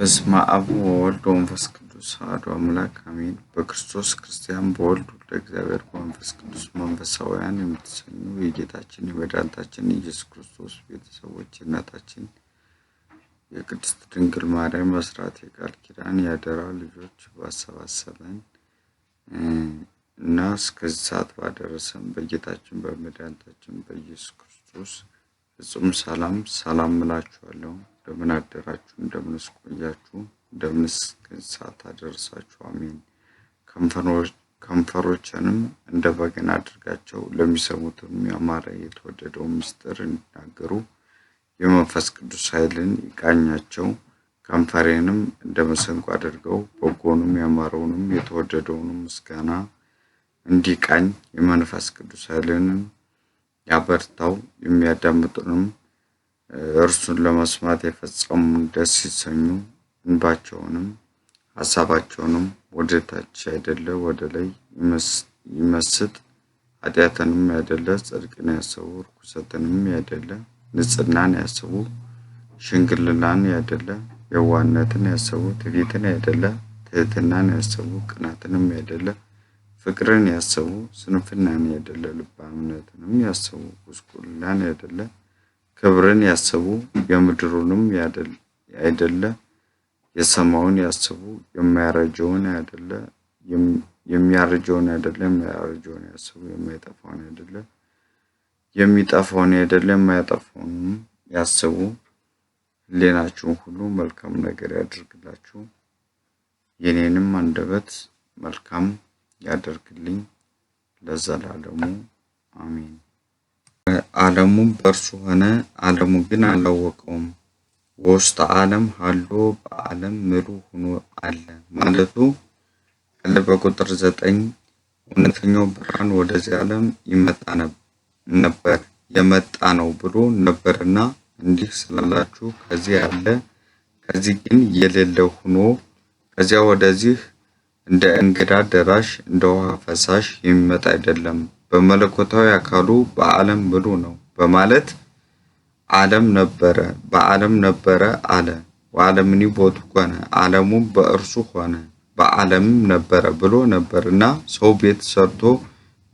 በስመ አብ ወወልድ ወመንፈስ ቅዱስ አሐዱ አምላክ አሜን። በክርስቶስ ክርስቲያን በወልድ ወልደ እግዚአብሔር በመንፈስ ቅዱስ መንፈሳውያን የምትሰኙ የጌታችን የመድኃኒታችን ኢየሱስ ክርስቶስ ቤተሰቦች እናታችን የቅድስት ድንግል ማርያም መስራት የቃል ኪዳን ያደራ ልጆች ባሰባሰበን እና እስከዚህ ሰዓት ባደረሰን በጌታችን በመድኃኒታችን በኢየሱስ ክርስቶስ ፍጹም ሰላም ሰላም እላችኋለሁ። እንደምን አደራችሁ፣ እንደምንስ ቆያችሁ፣ እንደምንስ ሰዓት አደረሳችሁ። አሜን። ከንፈሮችንም እንደ በገና አድርጋቸው፣ ለሚሰሙትም ያማረ የተወደደው ምስጢር እንዲናገሩ የመንፈስ ቅዱስ ኃይልን ይቃኛቸው። ከንፈሬንም እንደ መሰንቆ አድርገው፣ በጎንም ያማረውንም የተወደደውንም ምስጋና እንዲቃኝ የመንፈስ ቅዱስ ኃይልንም ያበርታው የሚያዳምጡንም እርሱን ለመስማት የፈጸሙ ደስ ሲሰኙ እንባቸውንም ሀሳባቸውንም ወደ ታች ወደ ላይ ይመስጥ ኃጢአትንም ያደለ ጽድቅን ያሰቡ ርኩሰትንም ያደለ ንጽህናን ያሰቡ ሽንግልናን ያደለ የዋነትን ያሰቡ ትዕቢትን ያደለ ትህትናን ያሰቡ ቅናትንም ያደለ ፍቅርን ያሰቡ ስንፍናን ያደለ ልባምነትንም ያሰቡ ጉስቁልናን ያደለ ክብርን ያስቡ የምድሩንም አይደለ የሰማውን ያስቡ የማያረጀውን አይደለ የሚያረጀውን አይደለ የማያረጀውን ያስቡ የማይጠፋውን አይደለ የሚጠፋውን አይደለ የማያጠፋውንም ያስቡ። ሕሊናችሁን ሁሉ መልካም ነገር ያደርግላችሁ። የኔንም አንደበት መልካም ያደርግልኝ ለዘላለሙ አሜን። ዓለሙም በእርሱ ሆነ ዓለሙ ግን አላወቀውም። ወውስተ ዓለም ሀሎ በዓለም ምሉ ሆኖ አለ ማለቱ አለ። በቁጥር ዘጠኝ እውነተኛው ብርሃን ወደዚህ ዓለም ይመጣ ነበር የመጣ ነው ብሎ ነበርና እንዲህ ስላላችሁ ከዚህ አለ ከዚህ ግን የሌለ ሆኖ ከዚያ ወደዚህ እንደ እንግዳ ደራሽ እንደ ውሃ ፈሳሽ የሚመጣ አይደለም። በመለኮታዊ አካሉ በዓለም ብሉ ነው በማለት ዓለም ነበረ በዓለም ነበረ አለ። ወዓለምኒ ቦቱ ኮነ ዓለሙም በእርሱ ሆነ በዓለምም ነበረ ብሎ ነበር እና ሰው ቤት ሰርቶ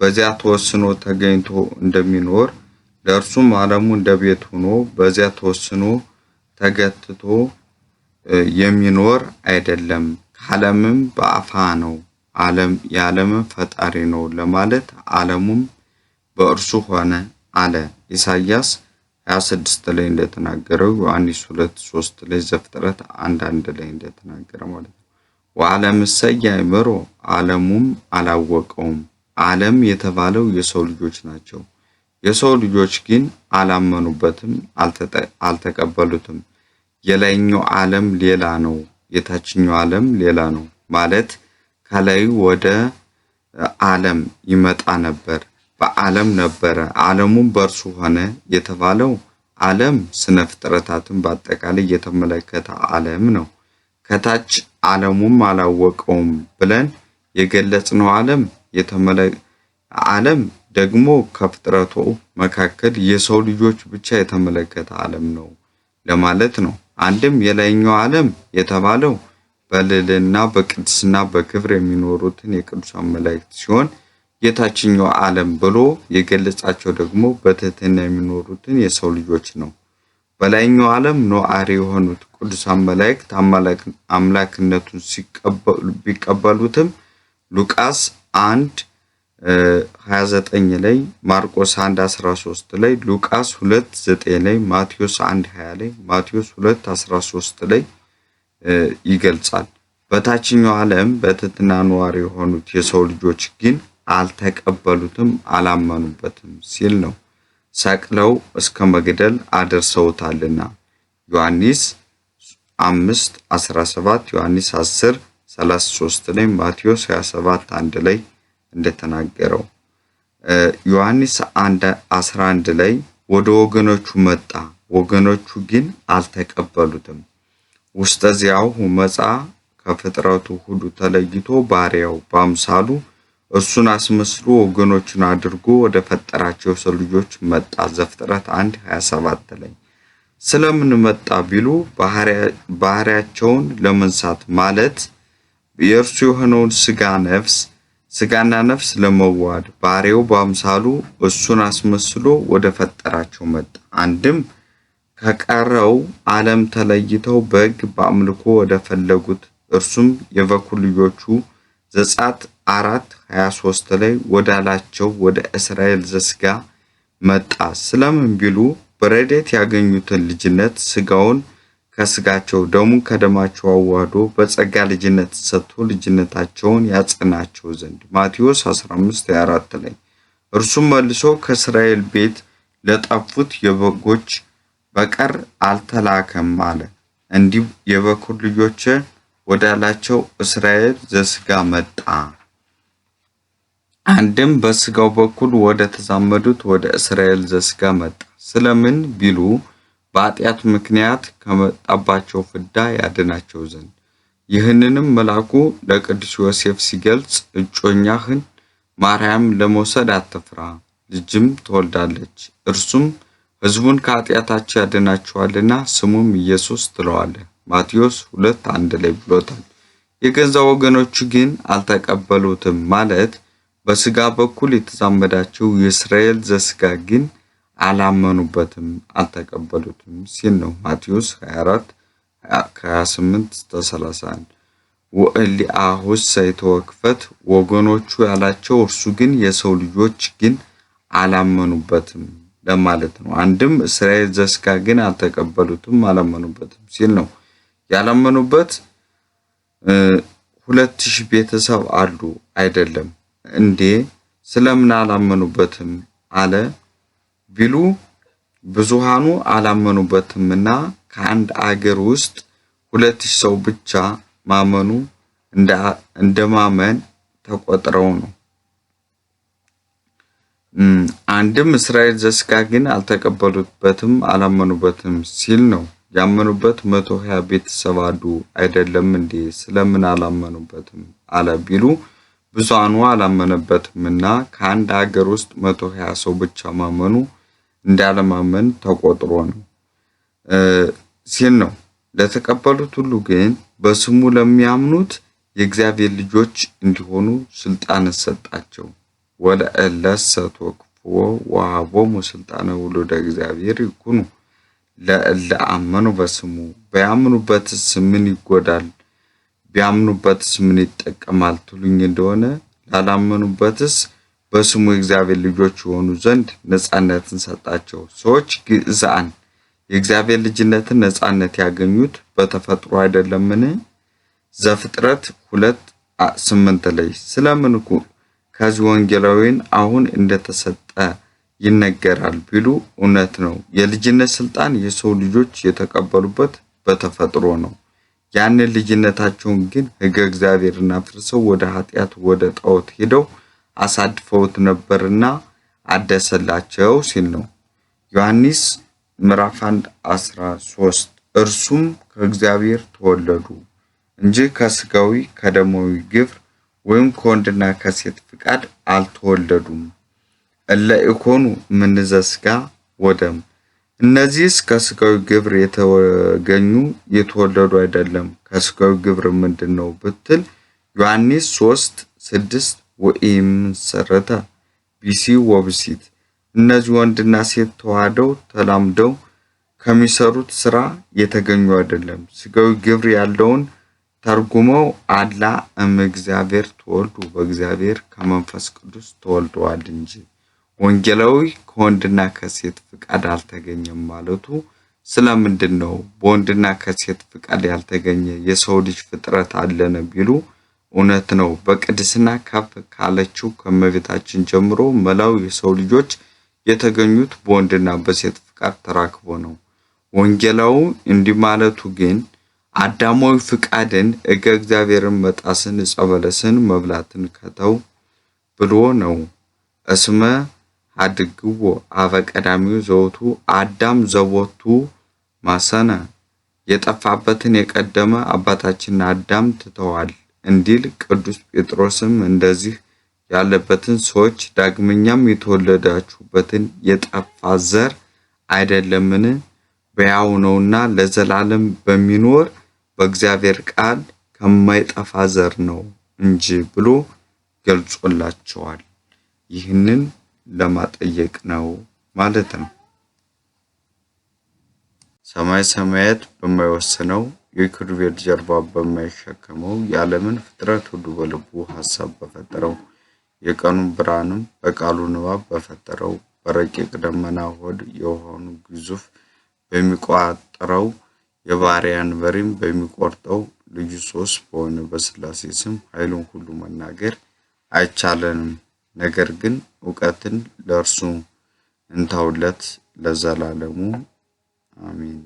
በዚያ ተወስኖ ተገኝቶ እንደሚኖር ለእርሱም ዓለሙ እንደ ቤት ሆኖ በዚያ ተወስኖ ተገትቶ የሚኖር አይደለም። ከዓለምም በአፋ ነው። ዓለም የዓለምን ፈጣሪ ነው ለማለት ዓለሙም በእርሱ ሆነ አለ። ኢሳይያስ 26 ላይ እንደተናገረው ዮሐንስ 2 3 ላይ ዘፍጥረት 1 1 ላይ እንደተናገረ ማለት ነው። ወዓለም እሰይ ዓለሙም አላወቀውም። ዓለም የተባለው የሰው ልጆች ናቸው። የሰው ልጆች ግን አላመኑበትም፣ አልተቀበሉትም። የላይኛው ዓለም ሌላ ነው፣ የታችኛው ዓለም ሌላ ነው ማለት ከላይ ወደ ዓለም ይመጣ ነበር፣ በዓለም ነበረ፣ ዓለሙም በእርሱ ሆነ የተባለው ዓለም ስነ ፍጥረታትን በአጠቃላይ የተመለከተ ዓለም ነው። ከታች ዓለሙም አላወቀውም ብለን የገለጽነው ዓለም የተመለ ዓለም ደግሞ ከፍጥረቱ መካከል የሰው ልጆች ብቻ የተመለከተ ዓለም ነው ለማለት ነው። አንድም የላይኛው ዓለም የተባለው በልዕልና በቅድስና በክብር የሚኖሩትን የቅዱሳን መላእክት ሲሆን የታችኛው ዓለም ብሎ የገለጻቸው ደግሞ በትህትና የሚኖሩትን የሰው ልጆች ነው። በላይኛው ዓለም ኖአሪ የሆኑት ቅዱሳን መላእክት አምላክነቱን ቢቀበሉትም ሉቃስ 1 29 ላይ፣ ማርቆስ 1 13 ላይ፣ ሉቃስ 2 9 ላይ፣ ማቴዎስ 1 20 ላይ፣ ማቴዎስ 2 13 ላይ ይገልጻል። በታችኛው ዓለም በትህትና ነዋሪ የሆኑት የሰው ልጆች ግን አልተቀበሉትም፣ አላመኑበትም ሲል ነው። ሰቅለው እስከ መግደል አደርሰውታልና ዮሐንስ 5 17 ዮሐንስ 10 33 ላይ ማቴዎስ 27 1 ላይ እንደተናገረው ዮሐንስ 1 11 ላይ ወደ ወገኖቹ መጣ፣ ወገኖቹ ግን አልተቀበሉትም ውስጠዚያሁ መጻ ከፍጥረቱ ሁሉ ተለይቶ ባሪያው በአምሳሉ እርሱን አስመስሎ ወገኖችን አድርጎ ወደ ፈጠራቸው ሰው ልጆች መጣ። ዘፍጥረት 1 27 ላይ ስለምን መጣ ቢሉ ባህሪያቸውን ለመንሳት ማለት የእርሱ የሆነውን ስጋ ነፍስ ስጋና ነፍስ ለመዋድ ባሪያው በአምሳሉ እሱን አስመስሎ ወደ ፈጠራቸው መጣ። አንድም ከቀረው ዓለም ተለይተው በሕግ በአምልኮ ወደ ፈለጉት እርሱም የበኩር ልጆቹ ዘጸአት አራት 23 ላይ ወዳላቸው ወደ እስራኤል ዘስጋ መጣ። ስለምን ቢሉ በረዴት ያገኙትን ልጅነት ስጋውን ከስጋቸው ደሙን ከደማቸው አዋህዶ በጸጋ ልጅነት ሰጥቶ ልጅነታቸውን ያጸናቸው ዘንድ ማቴዎስ 15 24 ላይ እርሱም መልሶ ከእስራኤል ቤት ለጠፉት የበጎች በቀር አልተላከም አለ። እንዲሁ የበኩር ልጆች ወዳላቸው እስራኤል ዘስጋ መጣ። አንድም በስጋው በኩል ወደ ተዛመዱት ወደ እስራኤል ዘስጋ መጣ። ስለምን ቢሉ በኃጢአት ምክንያት ከመጣባቸው ፍዳ ያድናቸው ዘንድ። ይህንንም መልአኩ ለቅዱስ ዮሴፍ ሲገልጽ እጮኛህን ማርያም ለመውሰድ አትፍራ፣ ልጅም ትወልዳለች እርሱም ሕዝቡን ከኃጢአታቸው ያድናቸዋልና ስሙም ኢየሱስ ትለዋለህ። ማቴዎስ ሁለት አንድ ላይ ብሎታል። የገዛ ወገኖቹ ግን አልተቀበሉትም ማለት በስጋ በኩል የተዛመዳቸው የእስራኤል ዘስጋ ግን አላመኑበትም፣ አልተቀበሉትም ሲል ነው ማቴዎስ 24 28 እስከ 31 ወገኖቹ ያላቸው እርሱ ግን የሰው ልጆች ግን አላመኑበትም ለማለት ነው። አንድም እስራኤል ዘስጋ ግን አልተቀበሉትም፣ አላመኑበትም ሲል ነው። ያላመኑበት ሁለት ሺህ ቤተሰብ አሉ አይደለም እንዴ? ስለምን አላመኑበትም አለ ቢሉ ብዙሃኑ አላመኑበትምና ከአንድ አገር ውስጥ ሁለት ሺህ ሰው ብቻ ማመኑ እንደ ተቆጥረው ነው። አንድም እስራኤል ዘስጋ ግን አልተቀበሉበትም፣ አላመኑበትም ሲል ነው። ያመኑበት መቶ ሀያ ቤተሰብ አሉ አይደለም እንዴ? ስለምን አላመኑበትም አለ ቢሉ ብዙሃኑ አላመነበትም እና ከአንድ ሀገር ውስጥ መቶ ሀያ ሰው ብቻ ማመኑ እንዳለማመን ተቆጥሮ ነው ሲል ነው። ለተቀበሉት ሁሉ ግን በስሙ ለሚያምኑት የእግዚአብሔር ልጆች እንዲሆኑ ስልጣን ሰጣቸው። ወለእለሰ ተወክፍዎ ወሀቦሙ ስልጣነ ውሉደ እግዚአብሔር ይኩኑ ለእለ አመኑ በስሙ በያምኑበትስ ምን ይጎዳል? ቢያምኑበትስ ምን ይጠቀማል ትሉኝ እንደሆነ ላላመኑበትስ በስሙ የእግዚአብሔር ልጆች የሆኑ ዘንድ ነጻነትን ሰጣቸው። ሰዎች ግዕዛን የእግዚአብሔር ልጅነትን ነጻነት ያገኙት በተፈጥሮ አይደለምን? ዘፍጥረት ሁለት ስምንት ላይ ስለምን ከዚህ ወንጌላዊን አሁን እንደተሰጠ ይነገራል ቢሉ እውነት ነው። የልጅነት ስልጣን የሰው ልጆች የተቀበሉበት በተፈጥሮ ነው። ያንን ልጅነታቸውን ግን ሕገ እግዚአብሔርን አፍርሰው ወደ ኃጢአት፣ ወደ ጣዖት ሄደው አሳድፈውት ነበርና አደሰላቸው ሲል ነው ዮሐንስ ምዕራፍ 1 13 እርሱም ከእግዚአብሔር ተወለዱ እንጂ ከስጋዊ ከደማዊ ግብር ወይም ከወንድና ከሴት ፍቃድ አልተወለዱም። እለ ኢኮኑ ምንዘ ሥጋ ወደም እነዚህስ ከስጋዊ ግብር የተገኙ የተወለዱ አይደለም። ከስጋዊ ግብር ምንድን ነው ብትል ዮሐንስ 3 ስድስት ወኢምሰረተ ቢሲ ወብሲት እነዚህ ወንድና ሴት ተዋህደው ተላምደው ከሚሰሩት ስራ የተገኙ አይደለም። ስጋዊ ግብር ያለውን ተርጉመው አላ እም እግዚአብሔር ተወልዱ በእግዚአብሔር ከመንፈስ ቅዱስ ተወልደዋል እንጂ ወንጌላዊ ከወንድና ከሴት ፍቃድ አልተገኘም ማለቱ ስለምንድን ነው? በወንድና ከሴት ፍቃድ ያልተገኘ የሰው ልጅ ፍጥረት አለን ቢሉ እውነት ነው። በቅድስና ከፍ ካለችው ከመቤታችን ጀምሮ መላው የሰው ልጆች የተገኙት በወንድና በሴት ፍቃድ ተራክቦ ነው። ወንጌላዊ እንዲህ ማለቱ ግን አዳማዊ ፍቃድን ሕገ እግዚአብሔርን መጣስን ዕፀ በለስን መብላትን ከተው ብሎ ነው። እስመ አድግዎ አበቀዳሚው ዘወቱ አዳም ዘቦቱ ማሰነ የጠፋበትን የቀደመ አባታችን አዳም ትተዋል እንዲል ቅዱስ ጴጥሮስም እንደዚህ ያለበትን ሰዎች ዳግመኛም የተወለዳችሁበትን የጠፋ ዘር አይደለምን በያው ነውና ለዘላለም በሚኖር በእግዚአብሔር ቃል ከማይጠፋ ዘር ነው እንጂ ብሎ ገልጾላቸዋል። ይህንን ለማጠየቅ ነው ማለት ነው። ሰማይ ሰማያት በማይወስነው የኪሩቤል ጀርባ በማይሸከመው የዓለምን ፍጥረት ሁሉ በልቡ ሀሳብ በፈጠረው የቀኑን ብርሃንም በቃሉ ንባብ በፈጠረው በረቂቅ ደመና ሆድ የሆኑ ግዙፍ በሚቋጠረው የባሪያን በሬም በሚቆርጠው ልዩ ሶስ በሆነ በስላሴ ስም ኃይሉን ሁሉ መናገር አይቻለንም። ነገር ግን እውቀትን ለእርሱ እንተውለት ለዘላለሙ አሜን።